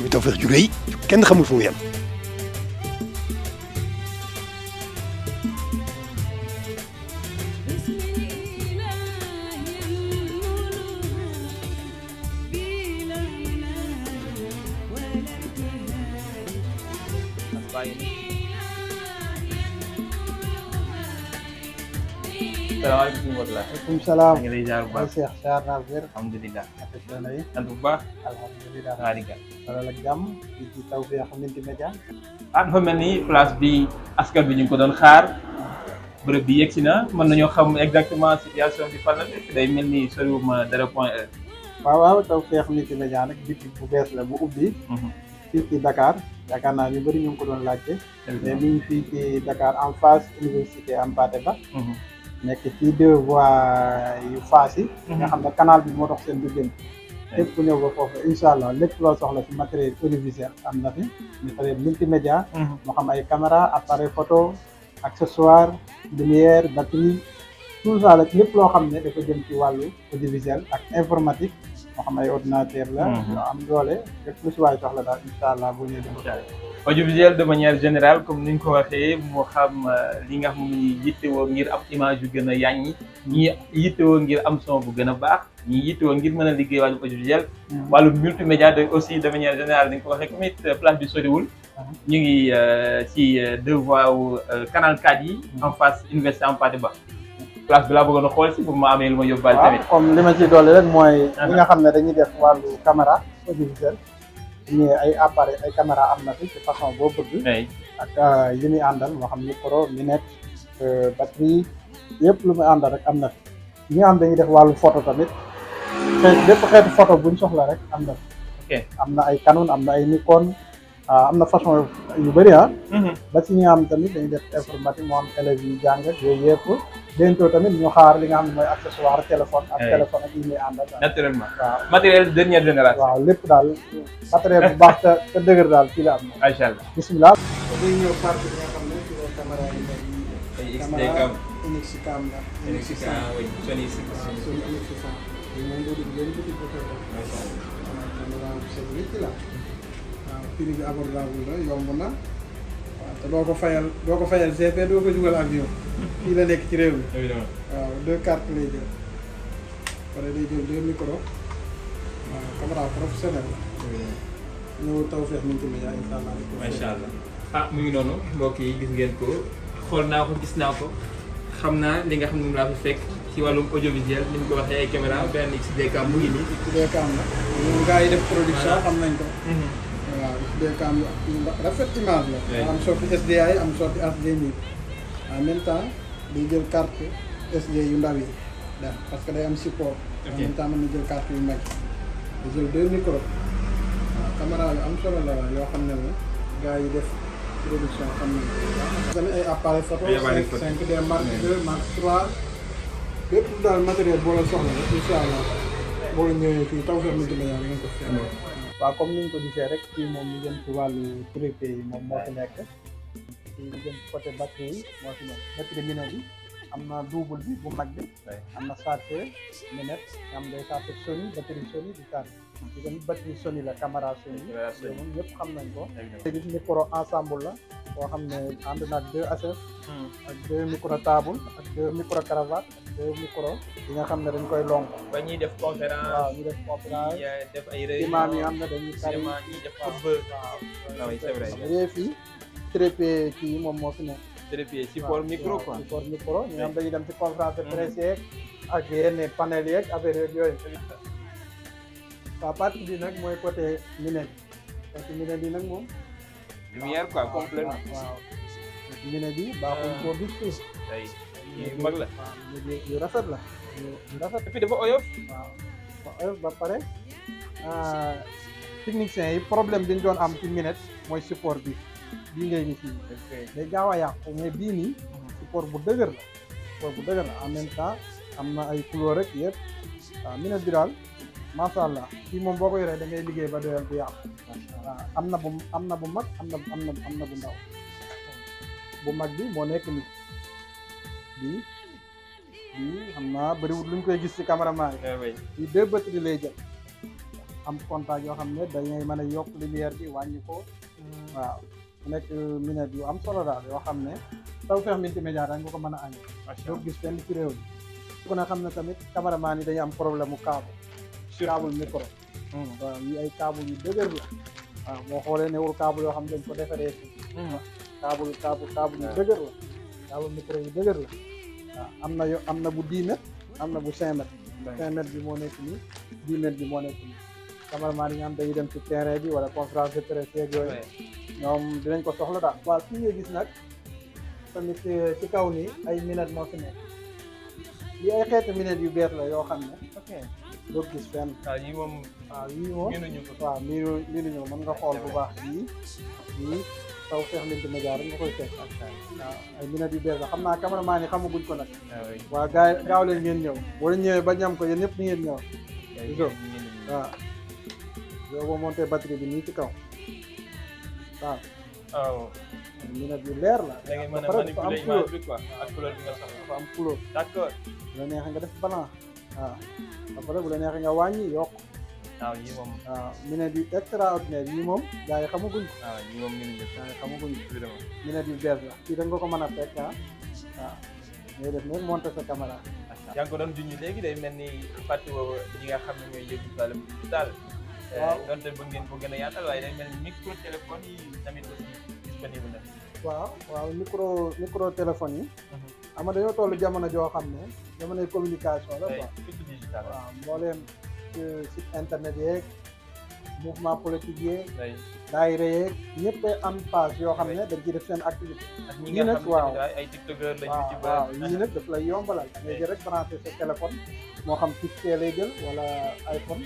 muy Tawfekh ju rëy kenn xamul fu mu yem rahmatulah. waaleykum salaam maa ngi lay ziar bu baax maa ngi ziar naa wér. alhamdulilah. sant bu baax. alhamdulilah Aliou Diagne. jàmm di ci Tawfekh Multi Média. ah dafa mel ni place bi askan bi ñu ngi ko doon xaar bërëb bi yegsi na mën nañoo xam exactement situation bi fan la eh, nekk day mel ni soriwuma dara point E. Eh. waaw waaw Tawfekh Multi Média nag bitik bu bees la bu ubbi. fii mhm. ci Dakar yaakaar naa ñu bëri ñu ngi ko doon laajte. mais mi ngi fii ci Dakar en face université Hampâté Bâ. nekk ci deux yu faas yi. Mhm. nga xam ne kanaal bi moo tox seen diggante. képp ku ñëw ba foofu incha allah lépp loo soxla ci matériel audiovisuel am na fi. matériel multimédia. Mhm. moo xam ay caméra appareil photo accessoire lumière batterie tout ça la lépp loo xam ne dafa jëm ci wàllu audiovisuel ak informatique. moo xam ordinateur la. Mhm. yoo am doole lépp lu si waay soxla daal incha allah bu ñëwee dugg. audiovisuel de manière générale comme ni ñu ko waxee moo xam euh, li nga xam ni yittewoo ngir am image yu gën a yi ñii mhm. ñi yittewoo ngir am son bu gën a baax ñi woon ngir mën a liggéey wàllum audiovisuel mhm. wàllum multimédia de aussi de manière générale ni ñu ko waxee comme it euh, place bi soriwul ñu ngi euh, ci deux voies Canal 4 yi en face université Hampâté place bi laa bëggoon a xool si pour ma amee lu ma yóbbaale tamit. comme li ma ciy dolli rek mooy. li ah. nga xam ne dañuy def wàllu caméra audiovisuel. ñu ay appareil ay caméra am na façon boo bëgg. ak euh, yu àndal moo xam micro lunette euh, batterie yëpp lu mu àndal rek am na fi. ñi nga xam dañuy def wàllu photo tamit. xeet bépp xeetu photo buñ soxla rek am na am na ay Canon am na ay Nikon. Ah, am na façon yu bëri ah. Mhm. ba ci ñi nga xam tamit dañuy def informatique moo am élèves jàng ak yëpp. bientôt tamit ñu xaar li nga xam ne mooy accessoire téléphone. ak eh. téléphone ak yi ñuy àndal. naturellement waaw matériel waaw lépp daal matériel bu baax te dëgër daal fii la am. macha allah ay Xtcam prix bi abordable la yomb na waaw te doo ko fayal boo ko fayal GP doo ko jugal avion fii la nekk ci réew mi waaw deux cartes lay jël pare deux micro waaw caméra professionnel la taw feex niñ ci média incha allah ah, mu ngi noonu mbokk yi gis ngeen ko xool naa ko gis naa ko xam naa li nga xam ne moom laa fi fekk ci wàllum audiovisuel ni ñu ko waxee ay caméra benn XDK mu ngi nii XDK am na ñun def production xam nañ ko mhm. SDK am rafet image la. am sorti SDA yi am sorti HD nii en même temps day jël carte SD yu ndaw yi def parce que day am support. en même temps mën na jël carte yu mag yi. jël deux micro waaw caméra yu am solo la yoo xam ne la gars yi def production xam nañu ko. tamit ay appareil photo. ay appareil photo 5D mark 2 mark 3. bépp daal matériel boo la soxla incha allah boo la ñëwee fii taw bi am na jënd yaa ngi ko. waaw comme ni ñu ko gisee rek fii moom ñu jëm ci wàllu prépé yi moom moo fi nekk fii ñu jëm ci côté batterie yi moo fi nekk batterie mineur yi am na double bi bu mag bi am na chargeur lunette am day chargeur Sony batterie Sony di charge di tamit batterie Sony la caméra Sony moom ñëpp xam nañ ko léegi micro ensemble la boo xam ne ànd na ak deux assets hmm. ak deux micro table ak deux micro cravate ak deux micro yi nga xam ne dañ koy lonk ba ñuy def conférence waaw ñuy def conférence euh, def ay réunion imaam yi xam ne dañuy tari ñuy def xutba waaw ah c'est vrai fii trépied kii moom moo fi nekk terrifié ci port micro quoi. ci port micro ñu am dañuy dem ci conférence de presse yeeg ak yenn panel yeeg affaire yeeg yooyu. waaw partie nag mooy côté minette parce que minette yi nag moom. lumière quoi complètement waaw minette yi baaxul koo gis plus. ay yu mag la yu rafet la yu rafet. et puis dafa oyof. waaw dafa oyof ba pare. techniciens yi problème bi ñu doon am ci mooy support bi. bii ngay gis nii day gaaw a yàqu mais bii nii support bu dëgër la support bu dëgër la en même temps am na ay couleur rek yëpp waaw minute bi daal macha allah kii moom boo ko yoree da ngay liggéey ba doyal bu yàqu waaw am na bu mag am na am na am bu ndaw bu mag bi moo nekk nii bii bii xam naa bëriwul luñ koy gis ci cameraman yi bii eh deux lay jël am contact yoo xam ne dañuy mën a yokk lumière bi wàññi ko hmm. mu nekk euh, minet yu am solo daal yoo xam ne Tawfekh multimédia daal nga ko mën a añee. macha allah gis fenn ci réew mi. su ko na xam ne tamit cameraman yi dañuy am problème mu câble. câble micro. Hmm. waaw ay câble yu dëgër la. waaw boo xoolee newul câble yoo xam ne dañ ko defaree fii. Hmm. câble câble câble yu dëgër la. câble micro yu dëgër la. waaw am na yo am na bu 10 mètres am na bu 5 mètres. 5 mètres bi moo nekk nii 10 mètres bi moo nekk nii. cameraman yi nga dañuy dem ci terrain bi wala conférence de presse yooyu. ñoom dinañ ko soxla daal waaw fii nga gis nag tamit eh, ci kaw nii ay minet moo fi nekk lii ay xeetu minet yu bees la yoo xam ne doo gis fenn waaw yii moom waaw miinu miinu ñëw mën nga xool bu baax bii yii taw feex lint média rek yu bees la xam naa cameraman yi xamaguñ ko nag ah waa gaa gaaw leen ngeen ñëw boo ñëwee ba ñam ko yéen ñëpp ngeen ñëw waaw yow boo montee batterie nii ci kaw waaw. waaw. mën leer la. da ngay mën a manipuler image am couleur. d' accord. bu la neexee nga def blanc. waaw après bu la neexee nga wàññi yokk. waaw yii moom. waaw mu ne extra extraordinaire yii moom gars yi xamaguñ ko. waaw yii moom ñu ngi ne du bees la. fii da nga ko mën a fekk ah. waaw ngay def ne monté sa caméra. yaa ngi ko doon junj léegi day mel ni fàttewoo ñi nga xam ne ñooy yëngu ci wàllum digital. Eh, waaw donte bëgg ngeen téléphone yi tamit disponible na. waaw téléphone yi. xam mhm. nga dañoo toll jamono joo xam ne jamonoy communication la quoi. waaw mbooleem site internet yeeg. mouvement politique yeeg. daayira yeeg ñëpp am page yoo xam ne da ciy def seen activité. ñi nag waaw ay tiktokeur lañ ci daf lay yombalal da ngay jël rek branché sa téléphone moo xam pixel lay jël wala iPhone.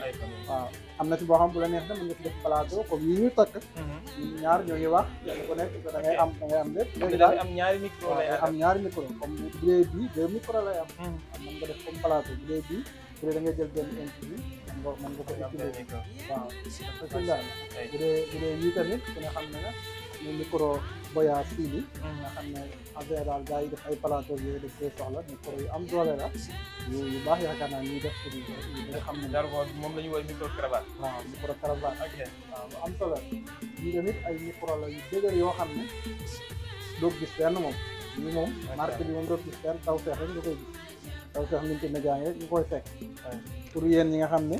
waaw am na ci boo xam bu la neex na mën nga ci def plateau comme yi ñu takk. Mm-hmm. ñaar ñoo ngi wax kenn ku nekk da da ngay am lépp. léegi daal ñaari micro lay am ñaari micro comme bu dee bii deux micro lay am. mën mm. nga def comme plateau bu dee bii bu dee da ngay jël benn interview nga mën nga ko utiliser waaw facile daal bu dee bu dee ne micro boya fii bi nga xam ne en général gars yi def ay plateau yooyu def koy soxla micro yu am doole la yu baax yaakaar naa ñuy def sii moom la ñu woy micro cravate waaw micro cravate ok am solo yii tamit ay micro yu dëgër yoo xam ne doo gis benn moom ñi moom marque bi moom doo gis benn taw feex rek nga koy gis Tawfekh multimédia ngi rek ñu koy fekk pour yéen ñi nga xam ne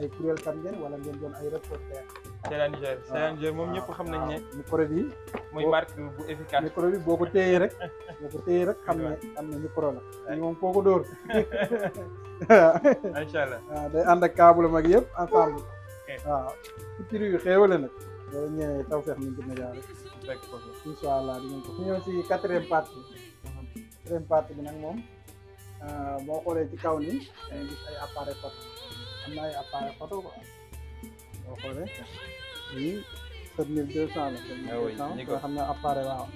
ay kuréel kat ngeen wala ngeen doon ay reporter Seyda Niger Seyda Niger xam nañ ne micro bi mooy marque bu efficace micro bi boo ko xam ne am na micro la moom koo ko dóor waaw incha day ànd ak câble mag yëpp ensemble waaw ci prix yu xéewale nag boo ñëwee Tawfekh multimédia rek incha allah di ngeen ko ñëw si quatrième partie mhm. quatrième partie bi nag moom Ah, boo xoolee ci kaw nii da ngay gis ay appareil photo am na ay appareil photo quoi boo xoolee yii sept mille deux cent la sept mille deux cent nga xam ne appareil waaw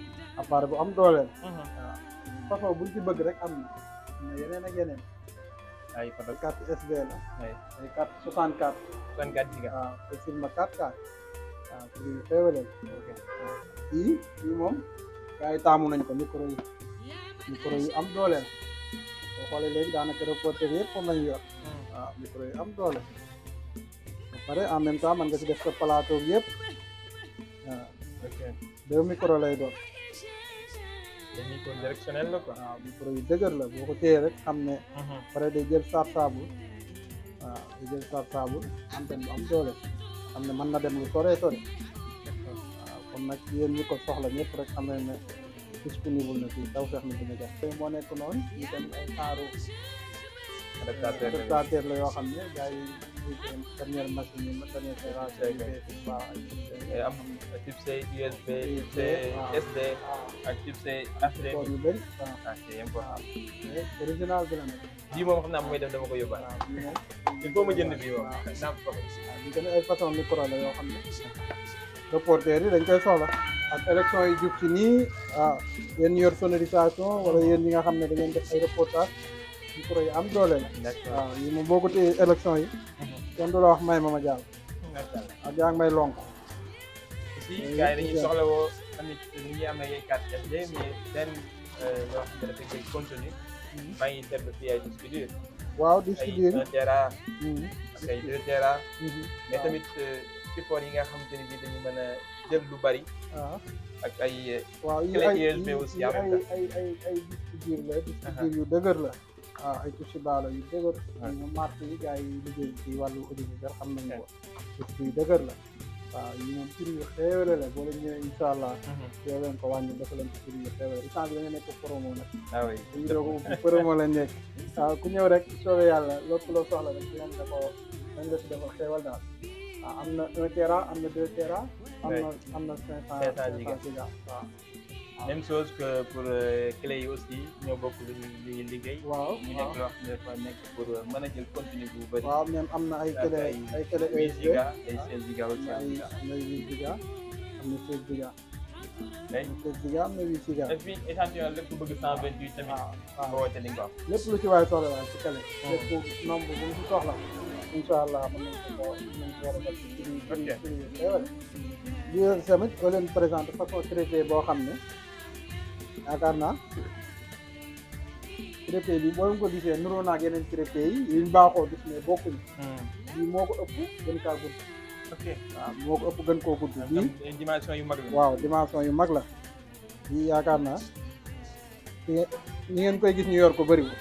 appareil bu am dooleel waaw façon buñ ci bëgg rek am na am na yeneen ak yeneen ay photo carte SD la ay carte soixante quatre soixante quatre giga waaw te filma quatre quatre waaw prix yu feebalee yii yii moom gars yi taamu nañ ko micro yi micro yi am dooleel boo xoolee léegi daanaka reporter yëpp moom lañu yor waaw micro am doole ba pare en même temps mën nga si def ko plateau bi yëpp waaw ok deux micro boo ko téyee rek xam ne pare day jël chargeable waaw day jël am doole xam ne mën na dem lu sore sore waaw ah, kon nag yéen ñi ko soxla ñëpp rek xam ne ne disponible na fii Tawfekh na dina jàpp. moo nekk noonu ñu dem ay xaaru. adaptateur la yoo xam ne gars yi ñu seen dernière machine yi dernière séance waaw ay am type C USB type C SD ak type C HD yu bëri ah c'est important original bi la nag bii moom xam naa mooy def dama ko yóbbaale il faut ma jënd bii moom naam ko waaw ñu gën ay façon micro la yoo xam ne reporter yi dañ koy soxla ak élection yi jub ci nii waaw ah, yéen yor sonorisation wala yéen yi nga xam ne da ngeen def ay yi am doole la waaw ah, yi moom boo ko téye élection yi mhm. kenn du wax may ma ma jàll a yaa ngi may lonk aussi gars yi dañuy soxla support yi nga xamante ne bii dañu mën a jël lu bari. Ah. ak ay. waaw yi ay yi ay ay ay ah, la yu dëgër la. waaw ay touche bala yu dëgër. waaw ñu marque yi gars yi liggéey ci wàllu audiovisuel xam nañ ko. touche yu dëgër la. waaw ñu moom prix yu xéewale la boo leen ñëwee allah. yow mhm. leen ko wàññi dafa leen ci prix yu xéewale instant bi da nekk promo nag. ah ku ñëw rek soobee yàlla lépp loo soxla rek dinañ ko dañ la ci defal daal. am ah, na un tera am na deux tera am na am na cinq cent giga waaw même chose que pour euh, clé yi aussi ñoo bokk lu ñuy liggéey waaw ñu nekk loo xam ne dafa nekk pour euh, mën a jël contenu bu bëri waaw même am na ay clé ay clé USB ay e seize giga aussi am na huit giga am na seize giga léegi am na wii cigare. et puis échantillon lépp bëgg 128 tamit. waaw waaw li nga wax. lépp lu ci waay soxla waay ci kale. lépp nombre bu ñu ci soxla. incha allah mën nañu ko mën ko war a def ci prix bi tamit doo leen présenté façon traité boo xam ne yaakaar naa traité bi boo ko gisee nuroo naa ak yeneen traité yi yuñ baaxoo gis ne bokkuñu. bii hmm. moo ko ëpp gën kaa gudd. waaw moo ko ëpp gën koo gudd bii dimension yu mag la waaw dimension yu mag la bii yaakaar naa ni ngeen koy gis ñu yor ko bëriwul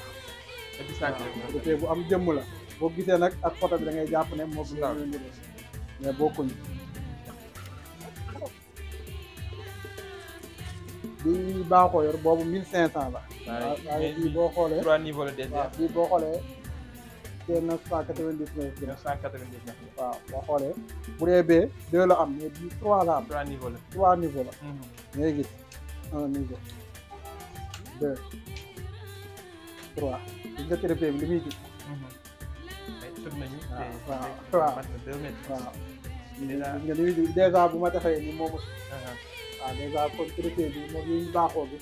te bu am jëmm la boo gisee nag ak photo bi da ngay jàpp ne moo gën a niroo mais bokkuñu bii baaxoo yor boobu mille cinq cent la waaw bii boo xoolee trois niveaux la waaw bii boo xoolee te na cent quatre-vingt-dix-neuf bi neuf cent quatre-vingt-dix-neuf bi waaw boo xoolee bu dee bee deux la am mais bii trois la am trois niveau la trois niveau la mhm. ngay gis un niveau de bee bi li muy gis mhm. bu ma defee ni moomu uh-huh. waaw dèjà bi moom yi baaxoo bi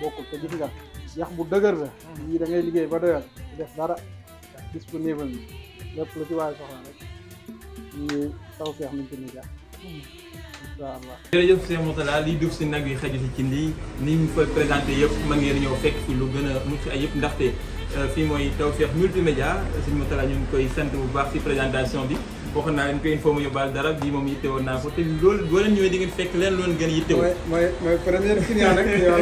bokkul te gis nga yax bu dëgër mhm. da ngay liggéey ba doyal def dara disponible bi lépp lu ci waaye soxla rek ñu taw feex nañ ci ni jàpp incha allah. jërëjëf sëñ Mourtada liy si nag yi xaju si ci nii ni ñu koy présenté yëpp mën ngeen ñëw fekk fi lu gën a mucc ay yëpp ndaxte euh, fii mooy Tawfekh multimédia sëñ Mourtada ñu ngi koy sant bu baax si présentation bi. waxoon naa leen ko il faut mu yóbbaal dara bii moom yittewoon naa ko te loolu boo leen ñëwee di ngeen fekk leen loolu gën a yittewoo. mooy mooy mooy première client rek. Ah,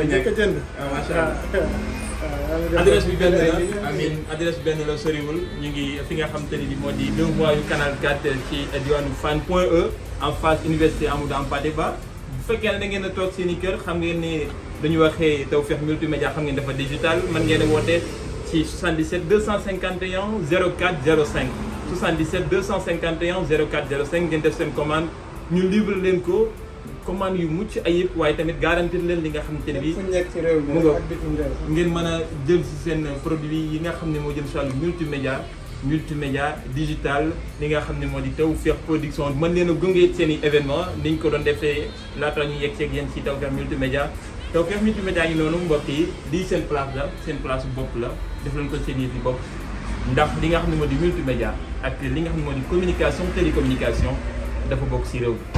na ñàkk waaw ah, macha Euh, adresse bi benn la amin adresse benn la soriwul ñu ngi fi nga xam te ni bi moo di deux voies yu canal 4 ci diwaanu Fann Point E en face université Amadou Hampâté Ba bu fekkee ne da ngeen a toog seen i kër xam ngeen ni dañu waxee Tawfekh multimédia xam ngeen dafa digital mën ngeen a woote ci 77 251 04 05 77 251 04 05 ngeen def seen commande ñu livre leen ko commande yu mucc ayib waaye tamit garantir leen li nga xamante ne bii mu nga ngeen mën a jël si seen produit yi nga xam ne moo jëm si wàllu multimédia multimédia digital li nga xam ne moo di Tawfekh Production mën leen a gunge seen i événement ni ñu ko doon defee laata ñu yegg seeg yéen si Tawfekh multimédia Tawfekh multimédia yi noonu mbokk yi lii seen place la seen place bopp la def leen ko seen yëf yi bopp ndax li nga xam ne moo di multimédia ak li nga xam ne moo di communication télécommunication dafa bokk si réew bi